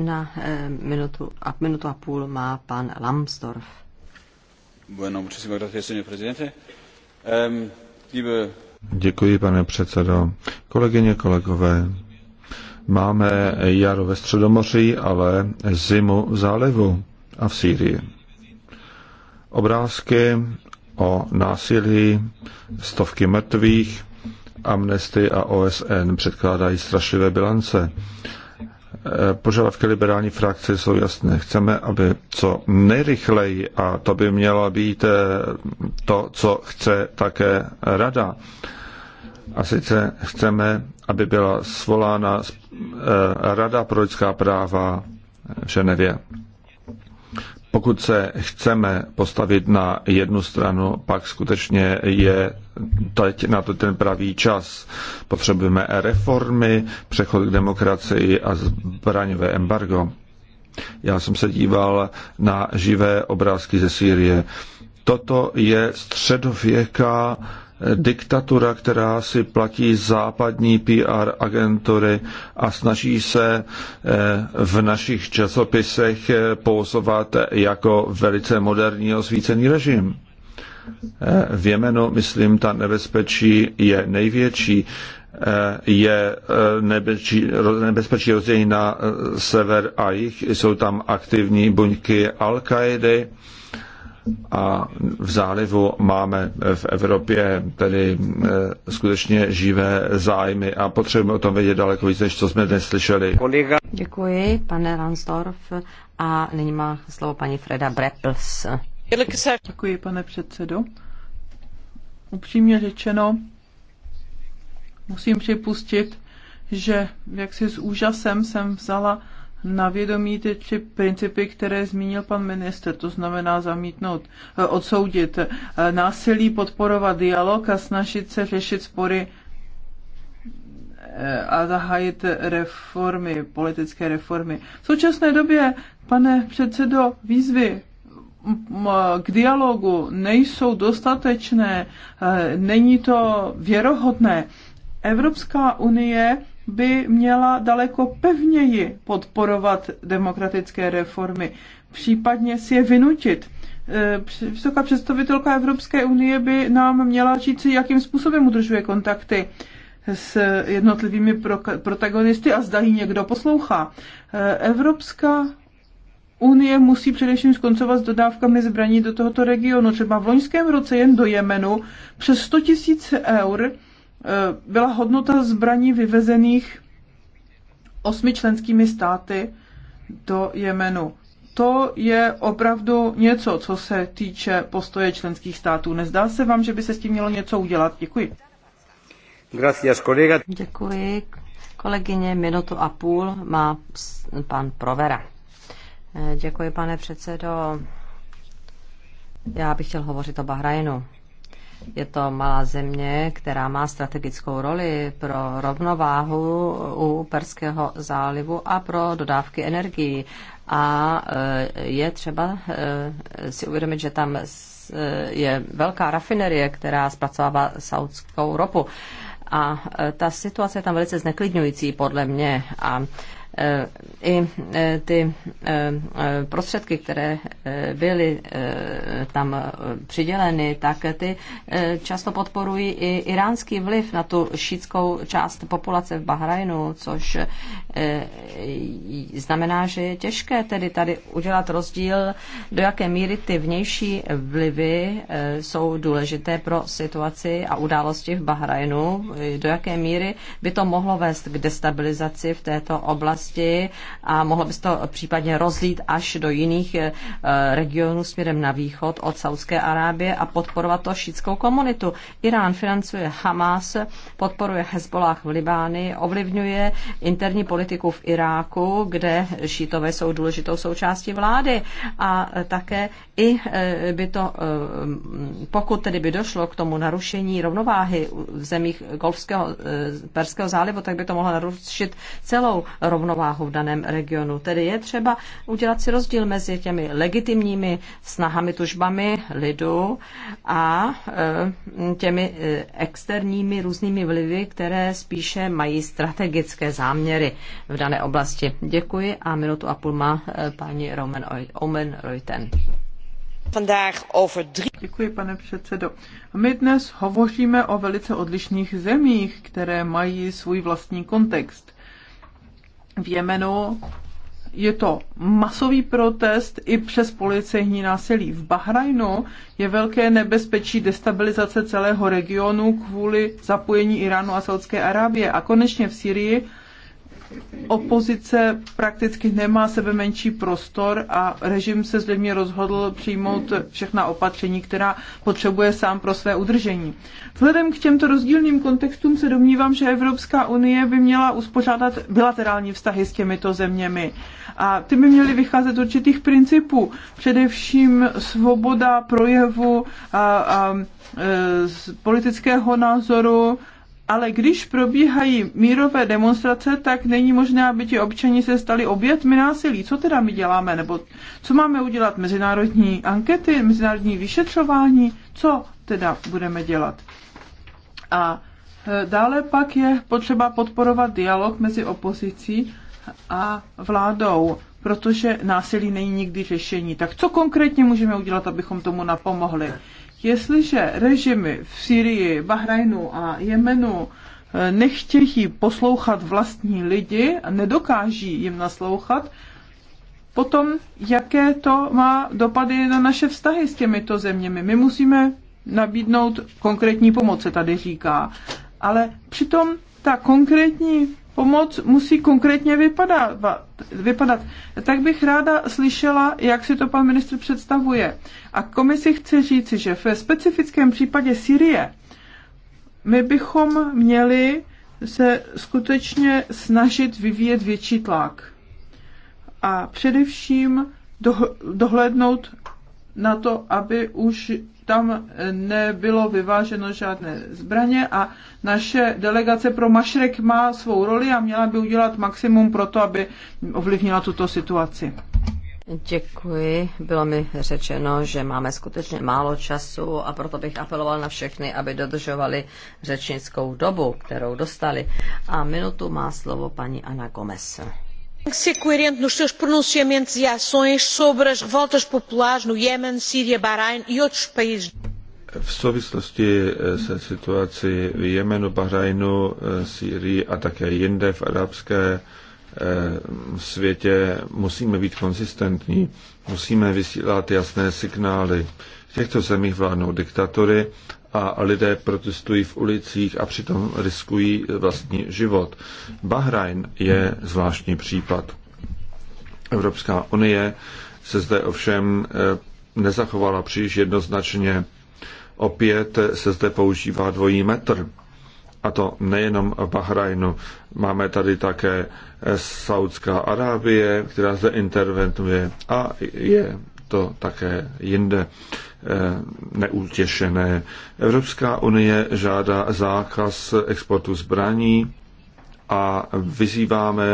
Na eh, minutu a, minutu a půl má pan
Lambsdorff. Bueno, muchísimas gracias, señor presidente. Um, liebe... Děkuji, pane předsedo. Kolegyně, kolegové, máme jaro ve Středomoří, ale zimu v zálivu a v Sýrii. Obrázky o násilí, stovky mrtvých, Amnesty a OSN předkládají strašlivé bilance. E, požadavky liberální frakce jsou jasné. Chceme, aby co nejrychleji, a to by mělo být e, to, co chce také rada, a sice chceme, aby byla svolána e, Rada pro lidská práva v Ženevě pokud se chceme postavit na jednu stranu, pak skutečně je teď na to ten pravý čas. Potřebujeme reformy, přechod k demokracii a zbraňové embargo. Já jsem se díval na živé obrázky ze Sýrie. Toto je středověká diktatura, která si platí západní PR agentury a snaží se eh, v našich časopisech eh, pouzovat jako velice moderní osvícený režim. Eh, v Jemenu, myslím, ta nebezpečí je největší. Je nebezpečí, rozdělení na sever a jich. Jsou tam aktivní buňky al qaidi a v zálivu máme v Evropě tedy e, skutečně živé zájmy a potřebujeme o tom vědět daleko víc, než co jsme dnes slyšeli.
Děkuji, pane Ransdorf. A nyní má slovo paní Freda Breppels.
Děkuji, pane předsedo. Upřímně řečeno, musím připustit, že jaksi s úžasem jsem vzala na vědomí ty tři principy, které zmínil pan minister, to znamená zamítnout, eh, odsoudit eh, násilí, podporovat dialog a snažit se řešit spory eh, a zahájit reformy, politické reformy. V současné době, pane předsedo, výzvy k dialogu nejsou dostatečné, není to věrohodné. Evropská unie by měla daleko pevněji podporovat demokratické reformy, případně si je vynutit. Eh, vysoká představitelka Evropské unie by nám měla říct, jakým způsobem udržuje kontakty s jednotlivými protagonisty a zda ji někdo poslouchá. Eh, Evropská Unie musí především skoncovat s dodávkami zbraní do tohoto regionu. Třeba v loňském roce jen do Jemenu přes 100 tisíc eur Eh, byla hodnota zbraní vyvezených osmi členskými státy do Jemenu. To je opravdu něco, co se týče postoje členských států. Nezdá se vám, že by se s tím mělo něco udělat? Děkuji. Gracias, kolega. Děkuji. Kolegyně, minutu a
půl má pan Provera. Eh, děkuji, pane předsedo. Já bych chtěl hovořit o Bahrajnu. Je to malá země, která má strategickou roli pro rovnováhu u Perského zálivu a pro dodávky energií. A e, je třeba e, si uvědomit, že tam e, je velká rafinerie, která zpracovává saudskou ropu. A ta situace je tam velice zneklidňující podle mě. A Eh, i eh, ty eh, prostředky, které byly tam přiděleny, tak ty často podporují i iránský vliv na tu šítskou část populace v Bahrajnu, což znamená, že je těžké tedy tady udělat rozdíl, do jaké míry ty vnější vlivy jsou důležité pro situaci a události v Bahrajnu, do jaké míry by to mohlo vést k destabilizaci v této oblasti oblasti a mohlo by se to případně rozlít až do jiných eh, regionů směrem na východ od Saudské Arábie a podporovat to šítskou komunitu. Irán financuje Hamas, podporuje Hezbollah v Libáni, ovlivňuje interní politiku v Iráku, kde šítové jsou důležitou součástí vlády a eh, také i eh, by to, pokud tedy by došlo k tomu narušení rovnováhy v zemích Golfského Perského zálivu, tak by to mohlo narušit celou rovnováhu rovnováhu v daném regionu. Tedy je třeba udělat si rozdíl mezi těmi legitimními snahami, tužbami lidu a e, těmi e, externími různými vlivy, které spíše mají strategické záměry v dané oblasti. Děkuji a minutu a půl má e, paní Roman Omen Reuten.
Děkuji, pane předsedo. My dnes hovoříme o velice odlišných zemích, které mají svůj vlastní kontext v Jemenu. Je to masový protest i přes policejní násilí. V Bahrajnu je velké nebezpečí destabilizace celého regionu kvůli zapojení Iránu a Saudské Arábie. A konečně v Syrii opozice prakticky nemá sebe menší prostor a režim se zřejmě rozhodl přijmout všechna opatření, která potřebuje sám pro své udržení. Vzhledem k těmto rozdílným kontextům se domnívám, že Evropská unie by měla uspořádat bilaterální vztahy s těmito zeměmi. A ty by měly vycházet určitých principů, především svoboda projevu a, a, a e, z politického názoru, ale když probíhají mírové demonstrace, tak není možné, aby ti občani se stali obětmi násilí. Co teda my děláme? Nebo co máme udělat? Mezinárodní ankety, mezinárodní vyšetřování? Co teda budeme dělat? A e, dále pak je potřeba podporovat dialog mezi opozicí a vládou, protože násilí není nikdy řešení. Tak co konkrétně můžeme udělat, abychom tomu napomohli? Jestliže režimy v Syrii, Bahrajnu a Jemenu eh, nechtějí poslouchat vlastní lidi a nedokáží jim naslouchat, potom jaké to má dopady na naše vztahy s těmito zeměmi. My musíme nabídnout konkrétní pomoc, se tady říká. Ale přitom ta konkrétní pomoc musí konkrétně vypadat, vypadat. Tak bych ráda slyšela, jak si to pan ministr představuje. A komisi chci říci, že v specifickém případě Syrie my bychom měli se skutečně snažit vyvíjet větší tlak. A především dohlednout na to, aby už tam eh, nebylo vyváženo žádné zbraně a naše delegace pro Mašrek má svou roli a měla by udělat maximum pro to, aby ovlivnila tuto situaci.
Děkuji. Bylo mi řečeno, že máme skutečně málo času a proto bych apeloval na všechny, aby dodržovali řečnickou dobu, kterou dostali. A minutu má slovo paní Ana Gomes
ser coerente nos seus pronunciamentos e ações sobre as revoltas populares no Iémen, Síria, Bahrein e outros países.
V souvislosti eh, se situací v Jemenu, Bahrajnu, eh, Syrii a také jinde v arabské eh, světě musíme být konzistentní, musíme vysílat jasné signály. V těchto zemích vládnou diktatury a lidé protestují v ulicích a přitom riskují vlastní život. Bahrajn je zvláštní případ. Evropská unie se zde ovšem eh, nezachovala příliš jednoznačně. Opět se zde používá dvojí metr. A to nejenom v Bahrajnu. Máme tady také eh, Saudská Arábie, která zde interventuje a je to také jinde eh, neutěšené. Evropská unie žádá zákaz exportu zbraní a vyzýváme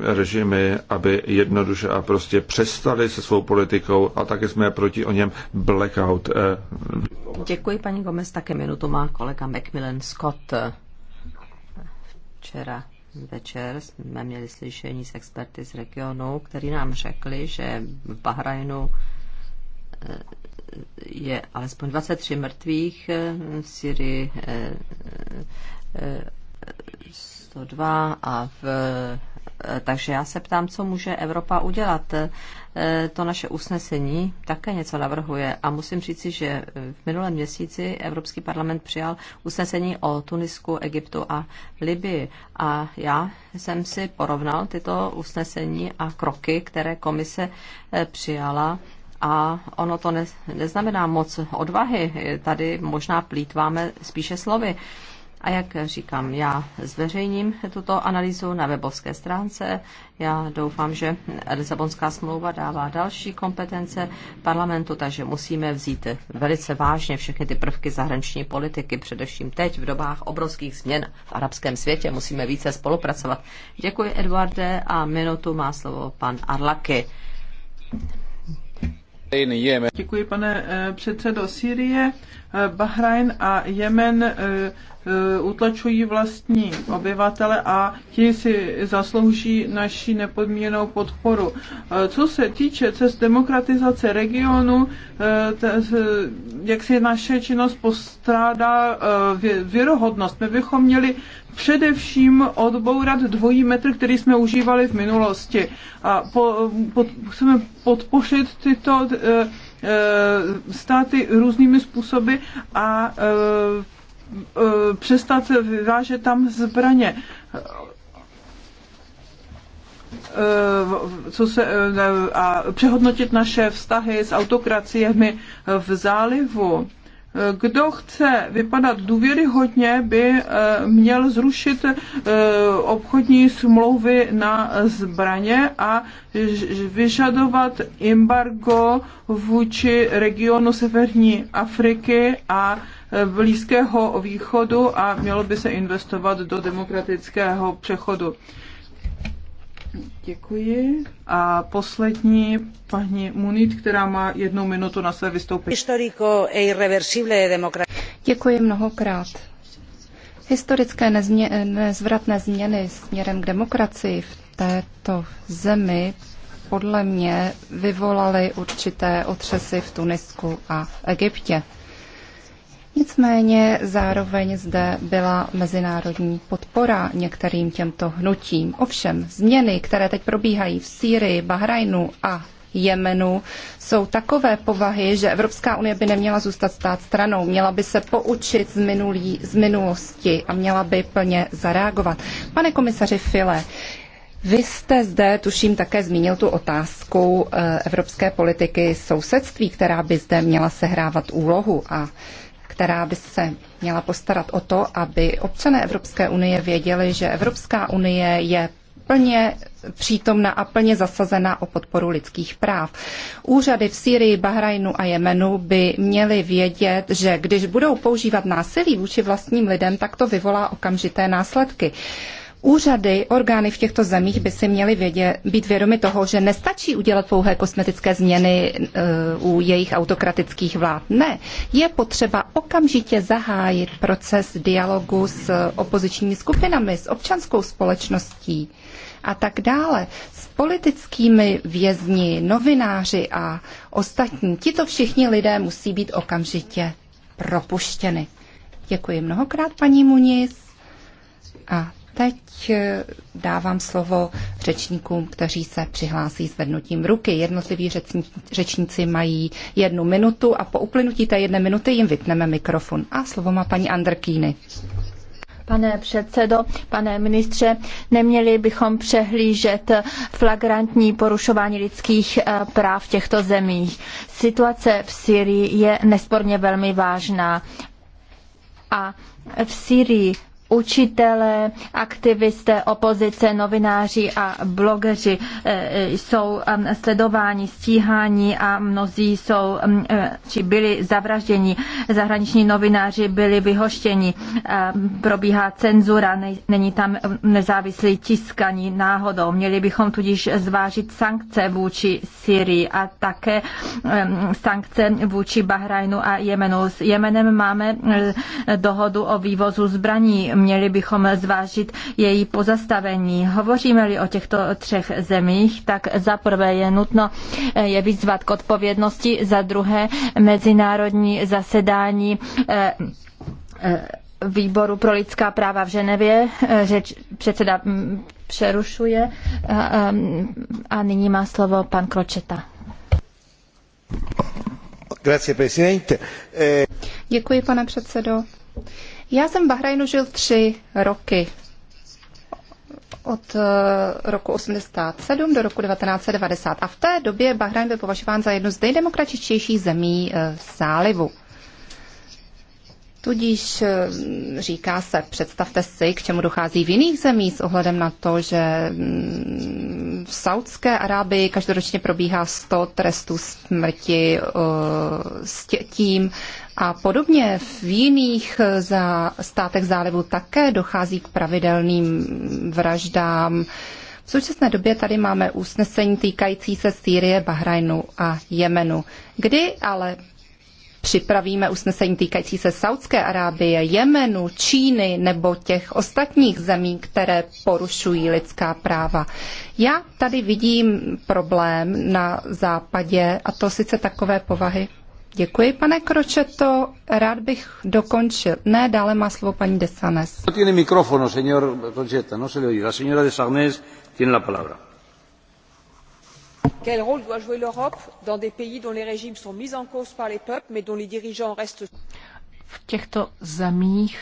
režimy, aby jednoduše a prostě přestali se svou politikou a také jsme proti o něm blackout. Eh,
Děkuji, paní Gomez. Také minutu má kolega Macmillan Scott. Včera večer jsme měli slyšení s experty z regionu, který nám řekli, že v Bahrajnu eh, je alespoň 23 mrtvých, eh, v Syrii 102 eh, a v Eh, takže já se ptám, co může Evropa udělat. Eh, to naše usnesení také něco navrhuje a musím říci, že eh, v minulém měsíci Evropský parlament přijal usnesení o Tunisku, Egyptu a Libii a já jsem si porovnal tyto usnesení a kroky, které komise přijala a ono to neznamená moc odvahy. Tady možná plítváme spíše slovy. A jak říkám, já zveřejním tuto analýzu na webovské stránce. Já doufám, že Lisabonská smlouva dává další kompetence parlamentu, takže musíme vzít velice vážně všechny ty prvky zahraniční politiky, především teď v dobách obrovských změn v arabském světě. Musíme více spolupracovat. Děkuji,
Eduarde, a minutu má slovo pan Arlaky. Děkuji, pane eh, předsedo Sýrie. Eh, Bahrajn a Jemen eh, Eh, utlačují vlastní obyvatele a ti si zaslouží naši nepodmíněnou podporu. Eh, co se týče cest demokratizace regionu, eh, jak si naše činnost postrádá věrohodnost. My bychom měli především odbourat dvojí metr, který jsme užívali v minulosti. A po, pod, chceme podpořit tyto státy různými způsoby a E, přestat vyvážet tam zbraně. E, co se, e, a přehodnotit naše vztahy s autokraciemi v zálivu. Kdo chce vypadat důvěryhodně, by měl zrušit obchodní smlouvy na zbraně a vyžadovat embargo vůči regionu Severní Afriky a Blízkého východu a mělo by se investovat do demokratického přechodu. Děkuji. A poslední paní Munit, která má jednu minutu na své vystoupení. Historiko e irreversible demokracie.
Děkuji mnohokrát. Historické nezmě, nezvratné změny směrem k demokracii v této zemi podle mě vyvolaly určité otřesy v Tunisku a Egyptě. Nicméně zároveň zde byla mezinárodní podpora některým těmto hnutím. Ovšem, změny, které teď probíhají v Sýrii, Bahrajnu a Jemenu jsou takové povahy, že Evropská unie by neměla zůstat stát stranou, měla by se poučit z, minulí, z minulosti a měla by plně zareagovat. Pane komisaři File, vy jste zde, tuším, také zmínil tu otázku eh, evropské politiky sousedství, která by zde měla sehrávat úlohu a která by se měla postarat o to, aby občané Evropské unie věděli, že Evropská unie je plně přítomna a plně zasazena o podporu lidských práv. Úřady v Sýrii, Bahrajnu a Jemenu by měly vědět, že když budou používat násilí vůči vlastním lidem, tak to vyvolá okamžité následky. Uh, Úřady, orgány v těchto zemích by si měly vědět, být vědomi toho, že nestačí udělat pouhé kosmetické změny eh, u jejich autokratických vlád. Ne, je potřeba okamžitě zahájit proces dialogu s opozičními skupinami, s občanskou společností a tak dále, s politickými vězni, novináři a ostatní. Tito všichni lidé musí být okamžitě propuštěny. Děkuji mnohokrát, paní Muniz. A Teď eh, dávám slovo řečníkům, kteří se přihlásí s vednutím ruky. Jednotliví řečníci mají jednu minutu a po uplynutí té jedné minuty jim vypneme mikrofon. A slovo má paní Andrkýny.
Pane předsedo, pane ministře, neměli bychom přehlížet flagrantní porušování lidských eh, práv v těchto zemích. Situace v Syrii je nesporně velmi vážná. A v Syrii učitelé, aktivisté, opozice, novináři a blogeři eh, eh, jsou sledováni, stíháni a mnozí jsou, eh, či byli zavražděni. Zahraniční novináři byli vyhoštěni. Probíhá cenzura, není tam nezávislý tisk ani náhodou. Měli bychom tudíž zvážit sankce vůči Syrii a také sankce vůči Bahrajnu a Jemenu. S Jemenem máme dohodu o vývozu zbraní měli bychom zvážit její pozastavení. Hovoříme-li o těchto třech zemích, tak za prvé je nutno eh, je vyzvat k odpovědnosti, za druhé mezinárodní zasedání eh, eh, výboru pro lidská práva v Ženevě. Řeč, předseda mm, přerušuje a, a nyní má slovo pan Kročeta.
Děkuji, pane předsedo. Já jsem v Bahrajnu žil tři roky. Od eh, roku 87 do roku 1990. A v té době Bahrajn byl považován za jednu z nejdemokratičtějších zemí eh, zálivu. Tudíž eh, říká se, představte si, k čemu dochází v jiných zemích s ohledem na to, že mm, v Saudské Arábii každoročně probíhá 100 trestů smrti s tím a podobně v jiných eh, za státech zálivu také dochází k pravidelným vraždám. V současné době tady máme usnesení týkající se Sýrie, Bahrajnu a Jemenu. Kdy ale připravíme usnesení týkající se Saudské Arábie, Jemenu, Číny nebo těch ostatních zemí, které porušují lidská práva. Já tady vidím problém na západě, a to sice takové povahy, Děkuji, pane Kročeto. Rád bych dokončil. Ne, dále má slovo paní Desanes.
No tiene micrófono, señor Crocetta, no se le oye. La señora Desanes tiene la palabra.
Quel rôle doit jouer l'Europe dans des pays dont les régimes
sont mis en cause par les peuples, mais dont les dirigeants restent... V těchto zemích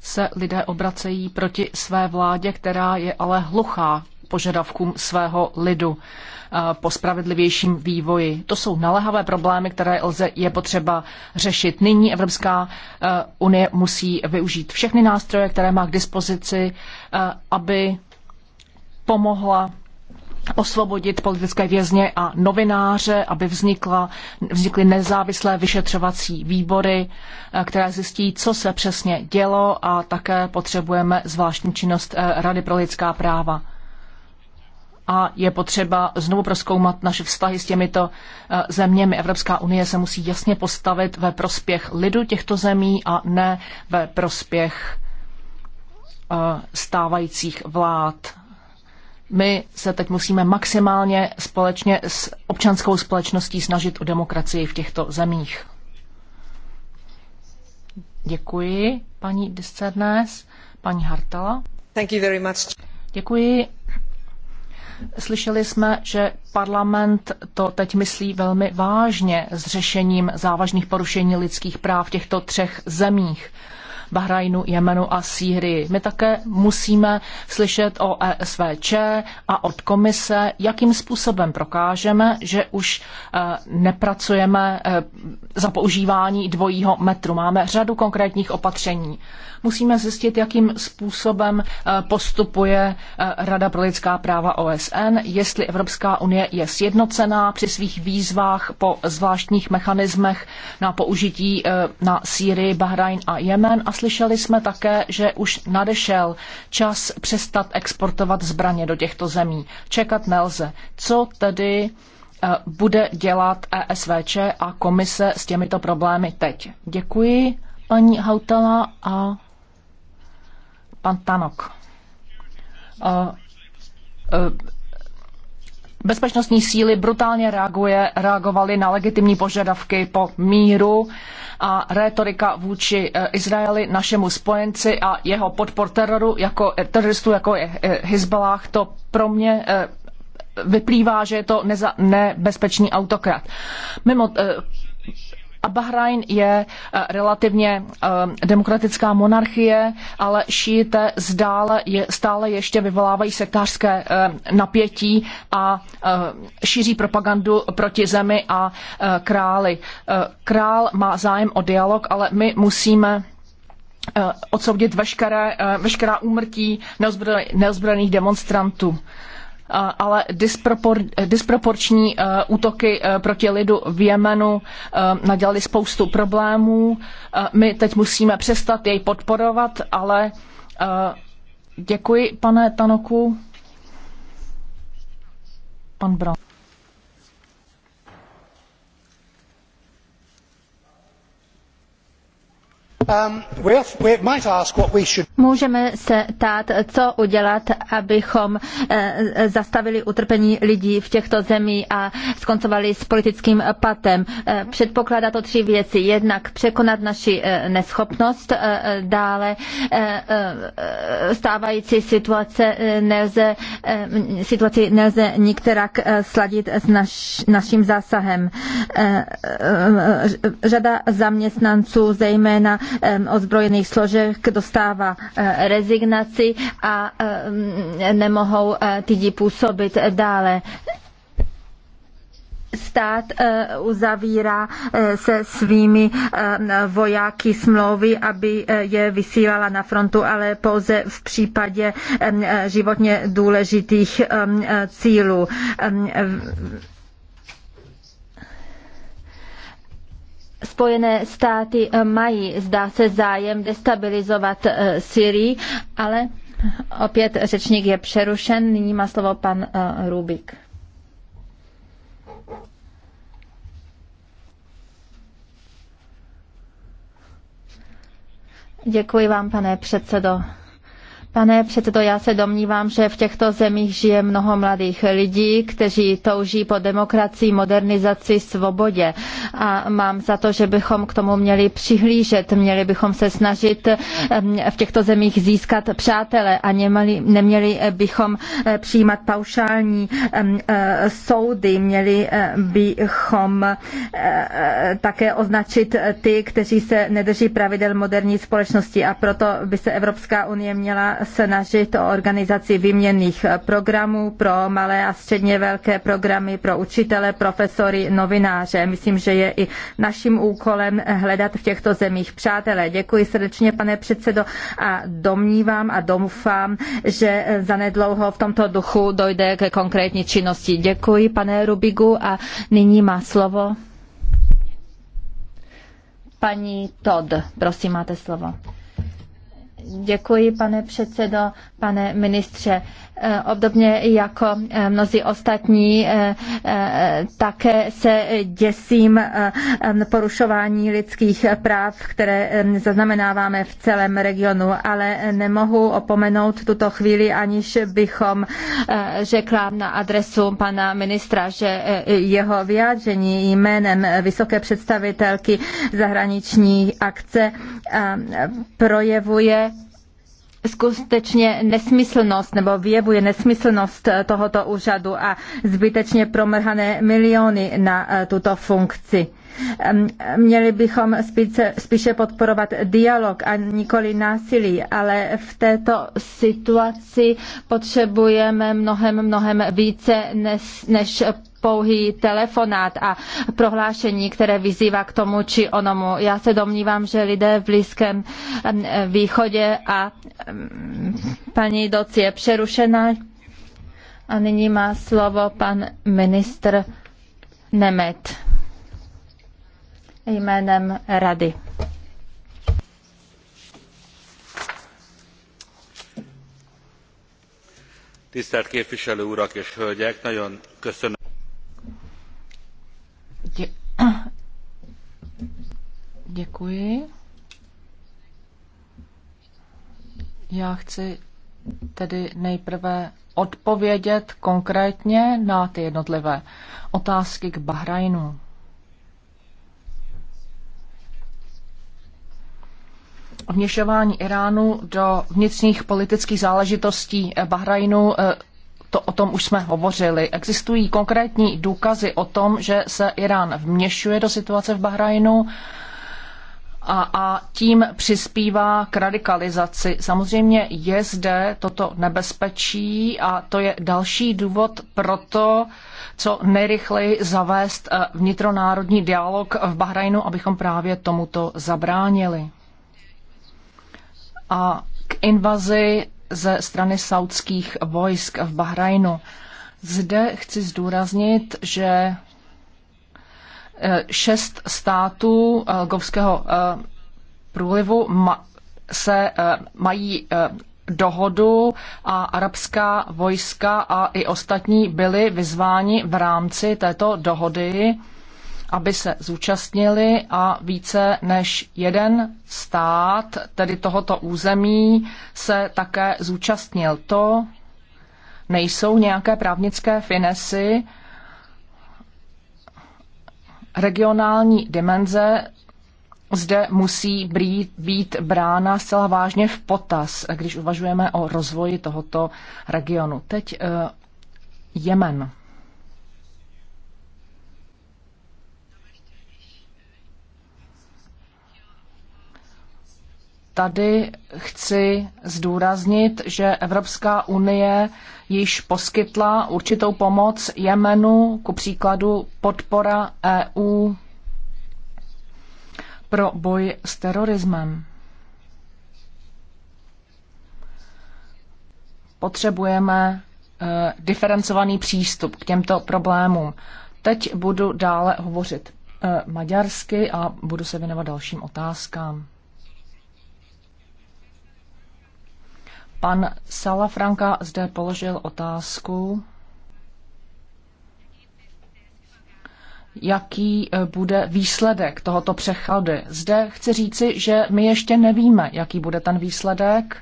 se lidé obracejí proti své vládě, která je ale hluchá požadavkům svého lidu po spravedlivějším vývoji. To jsou naléhavé problémy, které lze, je potřeba řešit. Nyní Evropská e, unie musí využít všechny nástroje, které má k dispozici, e, aby pomohla osvobodit politické vězně a novináře, aby vznikla, vznikly nezávislé vyšetřovací výbory, e, které zjistí, co se přesně dělo a také potřebujeme zvláštní činnost Rady pro lidská práva a je potřeba znovu proskoumat naše vztahy s těmito eh, zeměmi. Evropská unie se musí jasně postavit ve prospěch lidu těchto zemí a ne ve prospěch eh, stávajících vlád. My se teď musíme maximálně společně s občanskou společností snažit o demokracii v těchto zemích. Děkuji, paní Discernes, paní Hartala. Thank you very much. Děkuji. Slyšeli jsme, že parlament to teď myslí velmi vážně s řešením závažných porušení lidských práv v těchto třech zemích. Bahrajnu, Jemenu a Sýrii. My také musíme slyšet o ESVČ a od komise, jakým způsobem prokážeme, že už e, nepracujeme e, za používání dvojího metru. Máme řadu konkrétních opatření. Musíme zjistit, jakým způsobem e, postupuje Rada pro lidská práva OSN, jestli Evropská unie je sjednocená při svých výzvách po zvláštních mechanismech na použití na Sýrii, Bahrajn a Jemen a slyšeli jsme také, že už nadešel čas přestat exportovat zbraně do těchto zemí. Čekat nelze. Co tedy eh, bude dělat ESVČ a komise s těmito problémy teď? Děkuji, paní Hautala a pan Tanok. Eh, eh, bezpečnostní síly brutálně reaguje, reagovaly na legitimní požadavky po míru a rétorika vůči eh, Izraeli, našemu spojenci a jeho podpor teroru jako eh, teroristů, jako je eh, Hezbollah, to pro mě vyplývá, že je to neza, nebezpečný autokrat. Mimo, a Bahrajn je eh, relativně eh, demokratická monarchie, ale šíjité zdále je, stále ještě vyvolávají sektářské eh, napětí a šíří propagandu proti zemi a králi. Král má zájem o dialog, ale my musíme odsoudit veškeré, veškerá úmrtí neozbrojených demonstrantů. Eh, ale dispropor, disproporční eh, útoky eh, proti lidu v Jemenu nadělali spoustu problémů. My teď musíme přestat jej podporovat, ale děkuji, pane Tanoku. Pan Brown. Um,
Můžeme se ptát, co udělat, abychom eh, zastavili utrpení lidí v těchto zemích a skoncovali s politickým patem. Eh, předpokládá to tři věci. Jednak překonat naši eh, neschopnost, dále stávající situace nelze, situaci nelze nikterak sladit s naš, naším zásahem. Řada zaměstnanců, zejména ozbrojených složek dostává eh, rezignaci a nemohou eh, tedy působit dále stát eh, uzavírá se svými vojáky smlouvy, aby je vysílala na frontu, ale pouze v případě životně důležitých cílů Spojené státy eh, mají, zdá se, zájem destabilizovat eh, Syrii, ale opět řečník je přerušen. Nyní má slovo pan eh, Rubik. Děkuji vám, pane předsedo. Pane předsedo, já se domnívám, že v těchto zemích žije mnoho mladých lidí, kteří touží po demokracii, modernizaci, svobodě. A mám za to, že bychom k tomu měli přihlížet, měli bychom se snažit v těchto zemích získat přátele a neměli, neměli eh, bychom eh, přijímat paušální eh, soudy, měli bychom také označit ty, kteří se nedrží pravidel moderní společnosti a proto by se Evropská unie měla snažit o organizaci výměnných programů pro malé a středně velké programy pro učitele, profesory, novináře. Myslím, že je i naším úkolem hledat v těchto zemích přátelé. Děkuji srdečně, pane předsedo, a domnívám a doufám, že zanedlouho v tomto duchu dojde ke konkrétní činnosti. Děkuji, pane Rubigu, a nyní má slovo paní Todd. Prosím, máte slovo. Děkuji, pane předsedo, pane ministře. Eh, obdobně jako eh, mnozí ostatní, eh, také se děsím porušování lidských práv, které zaznamenáváme v celém regionu, ale nemohu opomenout tuto chvíli, aniž bychom řekla na adresu pana ministra, že jeho vyjádření jménem vysoké představitelky zahraniční akce projevuje skutečně nesmyslnost nebo vyjevuje nesmyslnost eh, tohoto úřadu a zbytečně promrhané miliony na eh, tuto funkci. Měli bychom spíce, spíše podporovat dialog a nikoli násilí, ale v této situaci potřebujeme mnohem, mnohem více než, než pouhý telefonát a prohlášení, které vyzývá k tomu či onomu. Já se domnívám, že lidé v Blízkém východě a paní Doc je přerušena. A nyní má slovo pan ministr Nemet jménem Rady.
tisztelt képviselő urak és hölgyek nagyon köszönöm
Děkuji. Já chci tedy nejprve odpovědět konkrétně na ty jednotlivé otázky k Bahrajnu. Vněšování Iránu do vnitřních politických záležitostí Bahrajnu eh, to, o tom už jsme hovořili. Existují konkrétní důkazy o tom, že se Irán vměšuje do situace v Bahrajnu a, a tím přispívá k radikalizaci. Samozřejmě je zde toto nebezpečí a to je další důvod pro to, co nejrychleji zavést eh, vnitronárodní dialog v Bahrajnu, abychom právě tomuto zabránili. A k invazi ze strany saudských vojsk v Bahrajnu. Zde chci zdůraznit, že eh, šest států eh, Govského eh, průlivu se mají dohodu a arabská vojska a i ostatní byli vyzváni v rámci této dohody aby se zúčastnili a více než jeden stát, tedy tohoto území, se také zúčastnil. To nejsou nějaké právnické finesy. Regionální dimenze zde musí být, být brána zcela vážně v potaz, když uvažujeme o rozvoji tohoto regionu. Teď uh, Jemen. Tady chci zdůraznit, že Evropská unie již poskytla určitou pomoc Jemenu, ku příkladu podpora EU pro boj s terorismem. Potřebujeme eh, diferencovaný přístup k těmto problémům. Teď budu dále hovořit eh, maďarsky a budu se věnovat dalším otázkám. Pan Salafranka zde položil otázku, jaký e, bude výsledek tohoto přechody. Zde chci říci, že my ještě nevíme, jaký bude ten výsledek,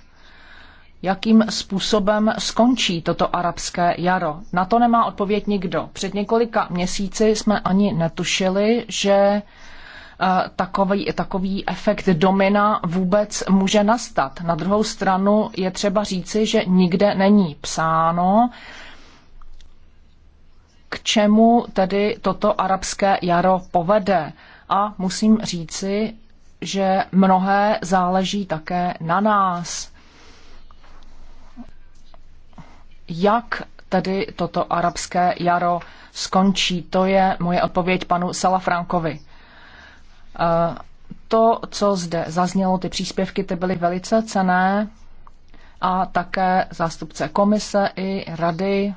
jakým způsobem skončí toto arabské jaro. Na to nemá odpověď nikdo. Před několika měsíci jsme ani netušili, že Eh, takový, takový efekt domina vůbec může nastat. Na druhou stranu je třeba říci, že nikde není psáno, k čemu tedy toto arabské jaro povede. A musím říci, že mnohé záleží také na nás. Jak tedy toto arabské jaro skončí, to je moje odpověď panu Salafrankovi. To, co zde zaznělo, ty příspěvky, ty byly velice cené a také zástupce komise i rady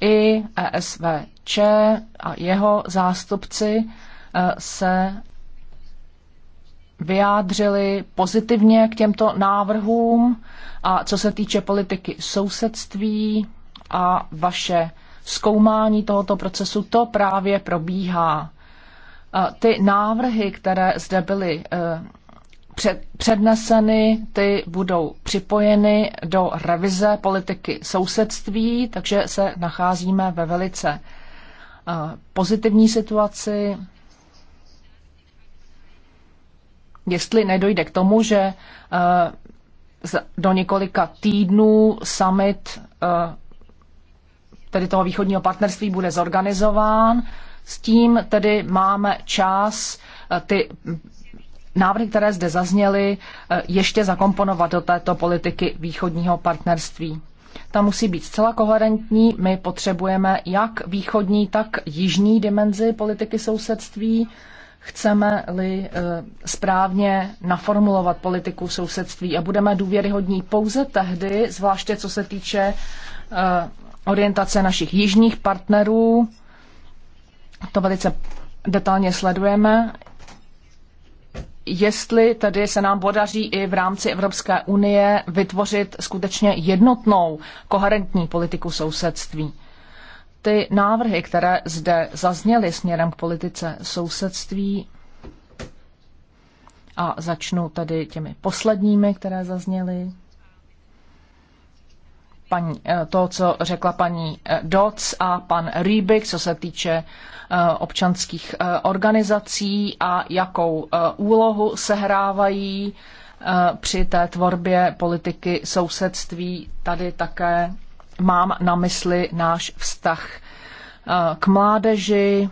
i ESVČ a jeho zástupci eh, se vyjádřili pozitivně k těmto návrhům a co se týče politiky sousedství a vaše zkoumání tohoto procesu, to právě probíhá ty návrhy, které zde byly eh, předneseny, ty budou připojeny do revize politiky sousedství, takže se nacházíme ve velice eh, pozitivní situaci. Jestli nedojde k tomu, že eh, do několika týdnů summit tedy toho východního partnerství bude zorganizován, s tím tedy máme čas eh, ty návrhy, které zde zazněly, eh, ještě zakomponovat do této politiky východního partnerství. Ta musí být zcela koherentní. My potřebujeme jak východní, tak jižní dimenzi politiky sousedství. Chceme-li eh, správně naformulovat politiku sousedství a budeme důvěryhodní pouze tehdy, zvláště co se týče orientace našich jižních partnerů, to velice detailně sledujeme. Jestli tedy se nám podaří i v rámci Evropské unie vytvořit skutečně jednotnou, koherentní politiku sousedství. Ty návrhy, které zde zazněly směrem k politice sousedství, a začnu tady těmi posledními, které zazněly paní, eh, to, co řekla paní eh, Doc a pan Rýbik, co se týče eh, občanských organizací a jakou úlohu sehrávají při té tvorbě politiky sousedství. Tady také mám na mysli náš vztah k mládeži,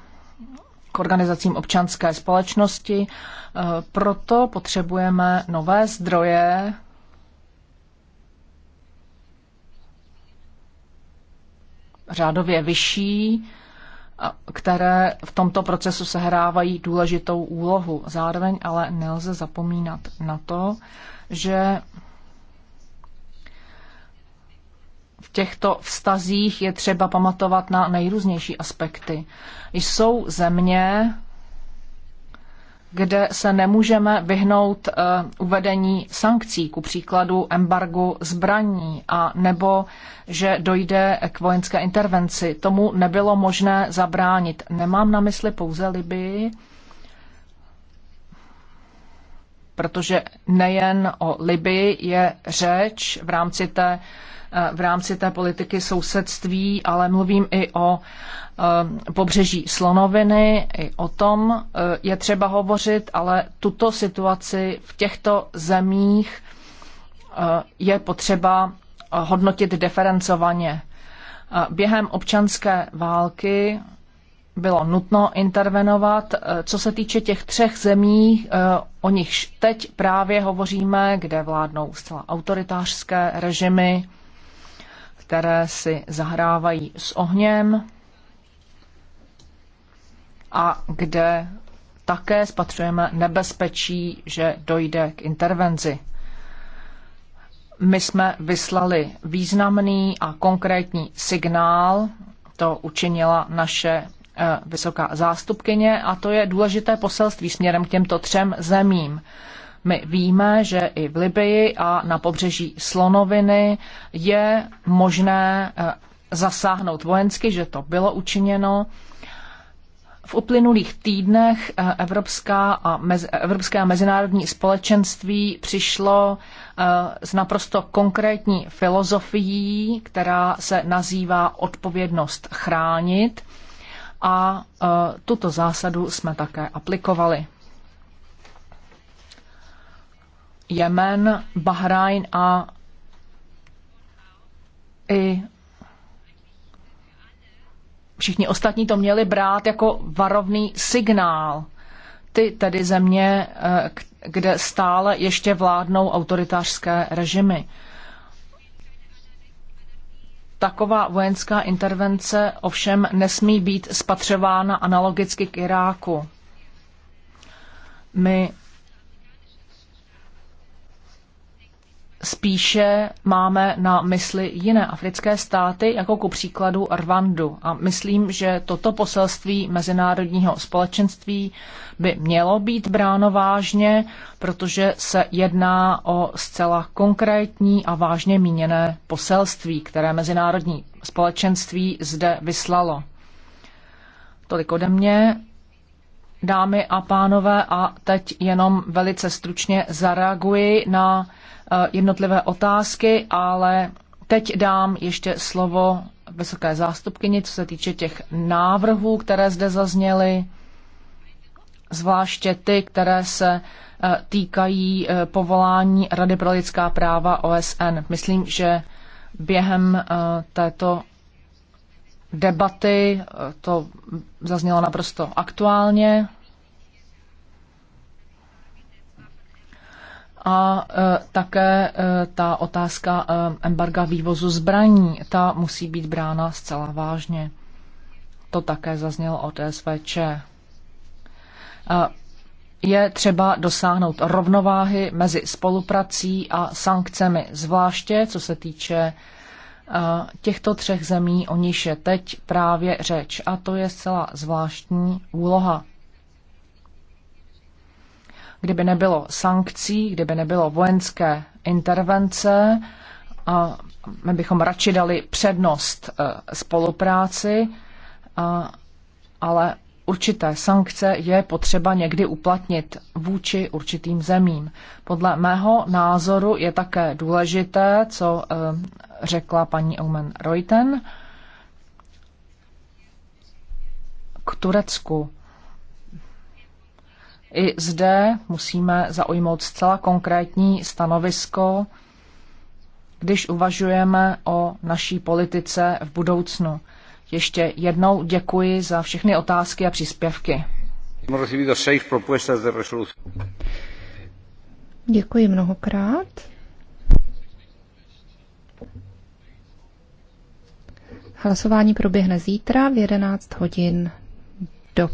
k organizacím občanské společnosti. Proto potřebujeme nové zdroje řádově vyšší, které v tomto procesu sehrávají důležitou úlohu. Zároveň ale nelze zapomínat na to, že v těchto vztazích je třeba pamatovat na nejrůznější aspekty. Jsou země, kde se nemůžeme vyhnout eh, uvedení sankcí, ku příkladu embargu zbraní, a nebo že dojde k vojenské intervenci. Tomu nebylo možné zabránit. Nemám na mysli pouze Libii, protože nejen o Libii je řeč v rámci té Eh, v rámci té politiky sousedství, ale mluvím i o eh, pobřeží slonoviny, i o tom eh, je třeba hovořit, ale tuto situaci v těchto zemích je potřeba hodnotit diferencovaně. Během občanské války bylo nutno intervenovat. Co se týče těch třech zemí, o nichž teď právě hovoříme, kde vládnou zcela autoritářské režimy, které si zahrávají s ohněm a kde také spatřujeme nebezpečí, že dojde k intervenzi. My jsme vyslali významný a konkrétní signál, to učinila naše eh, vysoká zástupkyně, a to je důležité poselství směrem k těmto třem zemím. My víme, že i v Libii a na pobřeží Slonoviny je možné eh, zasáhnout vojensky, že to bylo učiněno. V uplynulých týdnech eh, Evropská a mez, Evropské a mezinárodní společenství přišlo eh, s naprosto konkrétní filozofií, která se nazývá odpovědnost chránit a tuto zásadu jsme také aplikovali. Jemen, Bahrajn a i všichni ostatní to měli brát jako varovný signál. Ty tedy země, eh, kde stále ještě vládnou autoritářské režimy. Taková vojenská intervence ovšem nesmí být spatřována analogicky k Iráku. My spíše máme na mysli jiné africké státy, jako ku příkladu Rwandu. A myslím, že toto poselství mezinárodního společenství by mělo být bráno vážně, protože se jedná o zcela konkrétní a vážně míněné poselství, které mezinárodní společenství zde vyslalo. Tolik ode mě dámy a pánové, a teď jenom velice stručně zareaguji na eh, jednotlivé otázky, ale teď dám ještě slovo vysoké zástupkyni, co se týče těch návrhů, které zde zazněly, zvláště ty, které se eh, týkají eh, povolání Rady pro lidská práva OSN. Myslím, že během této debaty, to zaznělo naprosto aktuálně. A e, také e, ta otázka e, embarga vývozu zbraní, ta musí být brána zcela vážně. To také zaznělo od SVČ. Je třeba dosáhnout rovnováhy mezi spoluprací a sankcemi, zvláště co se týče Eh, těchto třech zemí, o níž je teď právě řeč. A to je zcela zvláštní úloha. Kdyby nebylo sankcí, kdyby nebylo vojenské intervence, a my bychom radši dali přednost eh, spolupráci, a, ale určité sankce je potřeba někdy uplatnit vůči určitým zemím. Podle mého názoru je také důležité, co eh, řekla paní Omen Reuten. K Turecku. I zde musíme zaujmout zcela konkrétní stanovisko, když uvažujeme o naší politice v budoucnu. Ještě jednou děkuji za všechny otázky a příspěvky. Děkuji mnohokrát.
Hlasování proběhne zítra v 11 hodin do